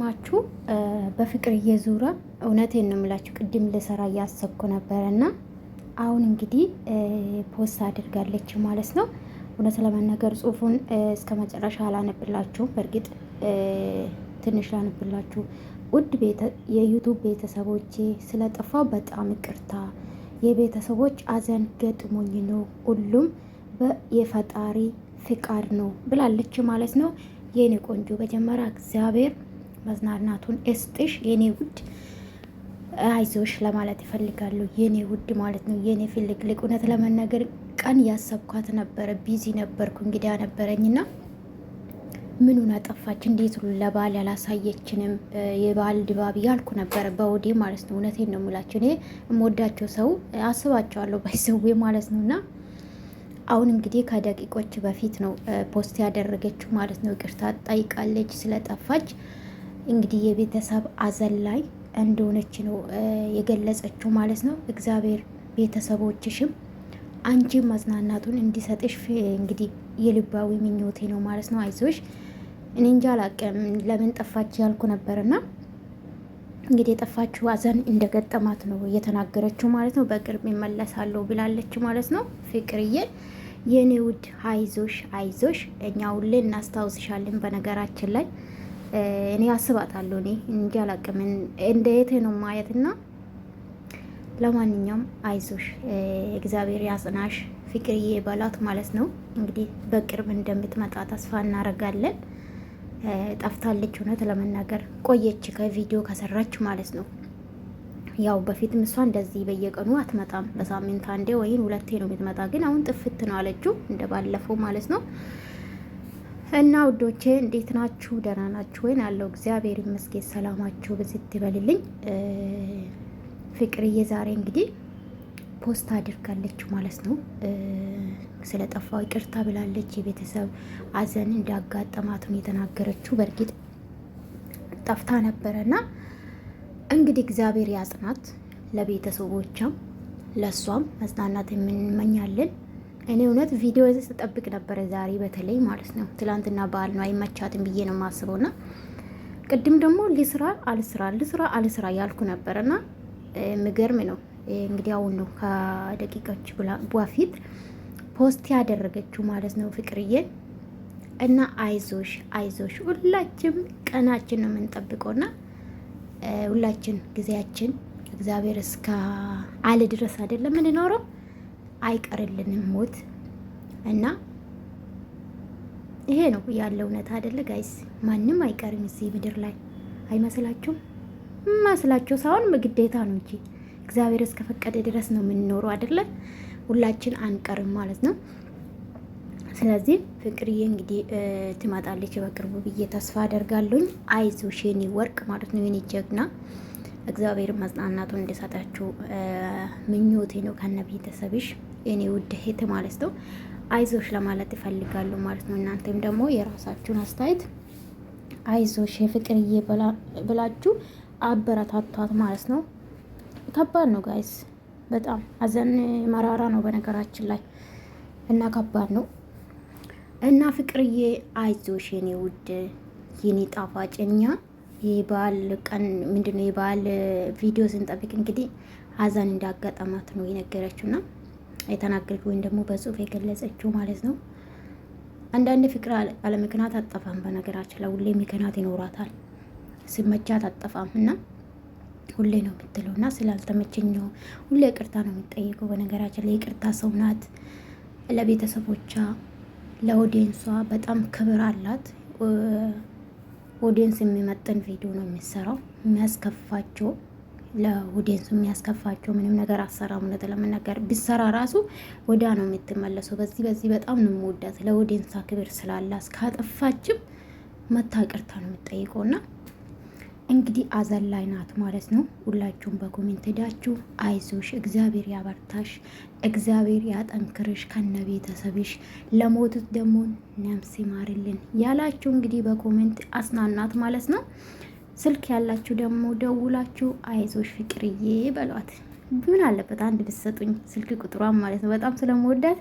ማቹ በፍቅር ዙሪያ እውነት የምላችሁ። ቅድም ልሰራ እያሰብኩ ነበረ እና አሁን እንግዲህ ፖስት አድርጋለች ማለት ነው። እውነት ለመነገር ጽሁፉን እስከ መጨረሻ አላነብላችሁም። በእርግጥ ትንሽ ላነብላችሁ። ውድ የዩቱብ ቤተሰቦቼ ስለጠፋው በጣም ይቅርታ። የቤተሰቦች አዘን ገጥሞኝ ነው። ሁሉም የፈጣሪ ፍቃድ ነው ብላለች ማለት ነው። የኔ ቆንጆ መጀመሪያ እግዚአብሔር መዝናናቱን እስጥሽ የኔ ውድ አይዞሽ ለማለት ይፈልጋሉ። የኔ ውድ ማለት ነው የኔ ፍልቅልቅ። እውነት ለመናገር ቀን ያሰብኳት ነበረ፣ ቢዚ ነበርኩ፣ እንግዳ ነበረኝና ምኑን አጠፋች? እንዴት ሉ ለባል ያላሳየችንም የባል ድባብ ያልኩ ነበረ በወዴ ማለት ነው። እውነቴን ነው የምላቸው እኔ የምወዳቸው ሰው አስባቸዋለሁ ባይሰዌ ማለት ነው። እና አሁን እንግዲህ ከደቂቆች በፊት ነው ፖስት ያደረገችው ማለት ነው። ቅርታ ጠይቃለች ስለጠፋች እንግዲህ የቤተሰብ አዘን ላይ እንደሆነች ነው የገለጸችው ማለት ነው። እግዚአብሔር ቤተሰቦችሽም አንቺ መጽናናቱን እንዲሰጥሽ እንግዲህ የልባዊ ምኞቴ ነው ማለት ነው። አይዞሽ እኔ እንጃ አላቅም ለምን ጠፋች ያልኩ ነበርና እንግዲህ የጠፋችው አዘን እንደገጠማት ነው እየተናገረችው ማለት ነው። በቅርብ ይመለሳለሁ ብላለች ማለት ነው። ፍቅርዬ የኔ ውድ አይዞሽ አይዞሽ፣ እኛ ሁሌ እናስታውስሻለን በነገራችን ላይ እኔ አስባታለሁ። እኔ እንጂ አላቅም እንደ የት ነው ማየትና ለማንኛውም አይዞሽ፣ እግዚአብሔር ያጽናሽ ፍቅርዬ በላት ማለት ነው። እንግዲህ በቅርብ እንደምትመጣ ተስፋ እናደርጋለን። ጠፍታለች፣ እውነት ለመናገር ቆየች ከቪዲዮ ከሰራች ማለት ነው። ያው በፊትም እሷ እንደዚህ በየቀኑ አትመጣም። በሳምንት አንዴ ወይም ሁለቴ ነው የምትመጣ። ግን አሁን ጥፍት ነው አለችው እንደ ባለፈው ማለት ነው። እና ውዶቼ እንዴት ናችሁ? ደህና ናችሁ ወይን? አለው እግዚአብሔር ይመስገን። ሰላማችሁ ብዝት ይበልልኝ። ፍቅርዬ ዛሬ እንግዲህ ፖስት አድርጋለች ማለት ነው። ስለ ጠፋው ይቅርታ ብላለች። የቤተሰብ አዘን እንዳጋጠማትን የተናገረችው በእርግጥ ጠፍታ ነበረ ነበረና እንግዲህ እግዚአብሔር ያጽናት፣ ለቤተሰቦቿም ለእሷም መጽናናት የምንመኛለን። እኔ እውነት ቪዲዮ ስጠብቅ ነበረ ዛሬ በተለይ ማለት ነው። ትላንትና በዓል ነው አይመቻትም ብዬ ነው የማስበው። እና ቅድም ደግሞ ልስራ አልስራ ልስራ አልስራ ያልኩ ነበረ እና ምገርም ነው እንግዲህ አሁን ነው ከደቂቃዎች በፊት ፖስት ያደረገችው ማለት ነው ፍቅርዬ እና አይዞሽ አይዞሽ ሁላችን ቀናችን ነው የምንጠብቀው ሁላችን ጊዜያችን እግዚአብሔር እስከ አለ ድረስ አይደለም የምንኖረው አይቀርልንም ሞት እና ይሄ ነው ያለ እውነት አይደለ ጋይስ? ማንም አይቀርም እዚህ ምድር ላይ አይመስላችሁም? ማስላችሁ ሳይሆን ግዴታ ነው እንጂ እግዚአብሔር እስከፈቀደ ድረስ ነው የምንኖረው አይደለ? ሁላችን አንቀርም ማለት ነው። ስለዚህ ፍቅርዬ እንግዲህ ትመጣለች በቅርቡ ብዬ ተስፋ አደርጋለሁኝ። አይዞሽ የኔ ወርቅ ማለት ነው የኔ ጀግና እግዚአብሔር መጽናናቱን እንዲሰጣችሁ ምኞቴ ነው። ከነ ቤተሰብሽ እኔ ውድ ሄት ማለት ነው አይዞሽ ለማለት ይፈልጋሉ ማለት ነው። እናንተም ደግሞ የራሳችሁን አስተያየት አይዞሽ የፍቅርዬ ብላችሁ አበረታቷት ማለት ነው። ከባድ ነው ጋይስ፣ በጣም አዘን መራራ ነው በነገራችን ላይ እና ከባድ ነው እና ፍቅርዬ አይዞሽ የኔ ውድ የኔ ጣፋጭ እኛ የበዓል ቀን ምንድነው የበዓል ቪዲዮ ስንጠብቅ እንግዲህ አዛን እንዳጋጠማት ነው የነገረችውና የተናገረችው ወይም ደግሞ በጽሁፍ የገለጸችው ማለት ነው። አንዳንድ ፍቅር አለ ምክንያት አጠፋም። በነገራችን ላይ ሁሌ ምክንያት ይኖራታል። ስመቻት አጠፋም እና ሁሌ ነው የምትለው እና ስላልተመቸኘው ሁሌ ቅርታ ነው የሚጠይቀው። በነገራችን ላይ የቅርታ ሰው ናት። ለቤተሰቦቿ ለኦዲየንሷ በጣም ክብር አላት። ኦዲየንስ የሚመጥን ቪዲዮ ነው የሚሰራው። የሚያስከፋቸው ለኦዲየንሱ የሚያስከፋቸው ምንም ነገር አሰራም። እውነት ለመናገር ቢሰራ ራሱ ወዳ ነው የምትመለሰው። በዚህ በዚህ በጣም ነው የምወዳት። ለኦዲየንሳ ክብር ስላላት ካጠፋችም መታቅርታ ነው እና እንግዲህ አዘን ላይ ናት ማለት ነው። ሁላችሁም በኮሜንት ሄዳችሁ አይዞሽ፣ እግዚአብሔር ያበርታሽ፣ እግዚአብሔር ያጠንክርሽ ከነ ቤተሰብሽ፣ ለሞቱት ደግሞ ነፍስ ይማርልን ያላችሁ እንግዲህ በኮሜንት አስናናት ማለት ነው። ስልክ ያላችሁ ደግሞ ደውላችሁ አይዞሽ ፍቅርዬ በሏት። ምን አለበት አንድ ብትሰጡኝ ስልክ ቁጥሯን ማለት ነው። በጣም ስለምወዳት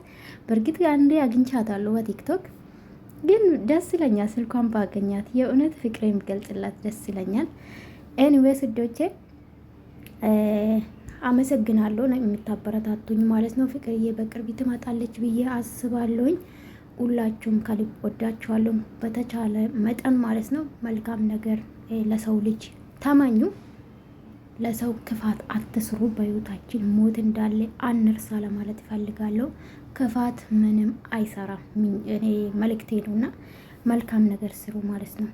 በእርግጥ አንዴ አግኝቻታለሁ በቲክቶክ ግን ደስ ይለኛል ስልኳን ባገኛት የእውነት ፍቅር የሚገልጽላት ደስ ይለኛል። ኤኒዌይ ስዶቼ አመሰግናለሁ ነው የምታበረታቱኝ ማለት ነው። ፍቅርዬ በቅርብ ትመጣለች ብዬ አስባለሁኝ። ሁላችሁም ከልብ ወዳችኋለሁ። በተቻለ መጠን ማለት ነው መልካም ነገር ለሰው ልጅ ተመኙ። ለሰው ክፋት አትስሩ። በህይወታችን ሞት እንዳለ አንርሳ ለማለት ይፈልጋለሁ። ክፋት ምንም አይሰራም። እኔ መልእክቴ ነውና መልካም ነገር ስሩ ማለት ነው።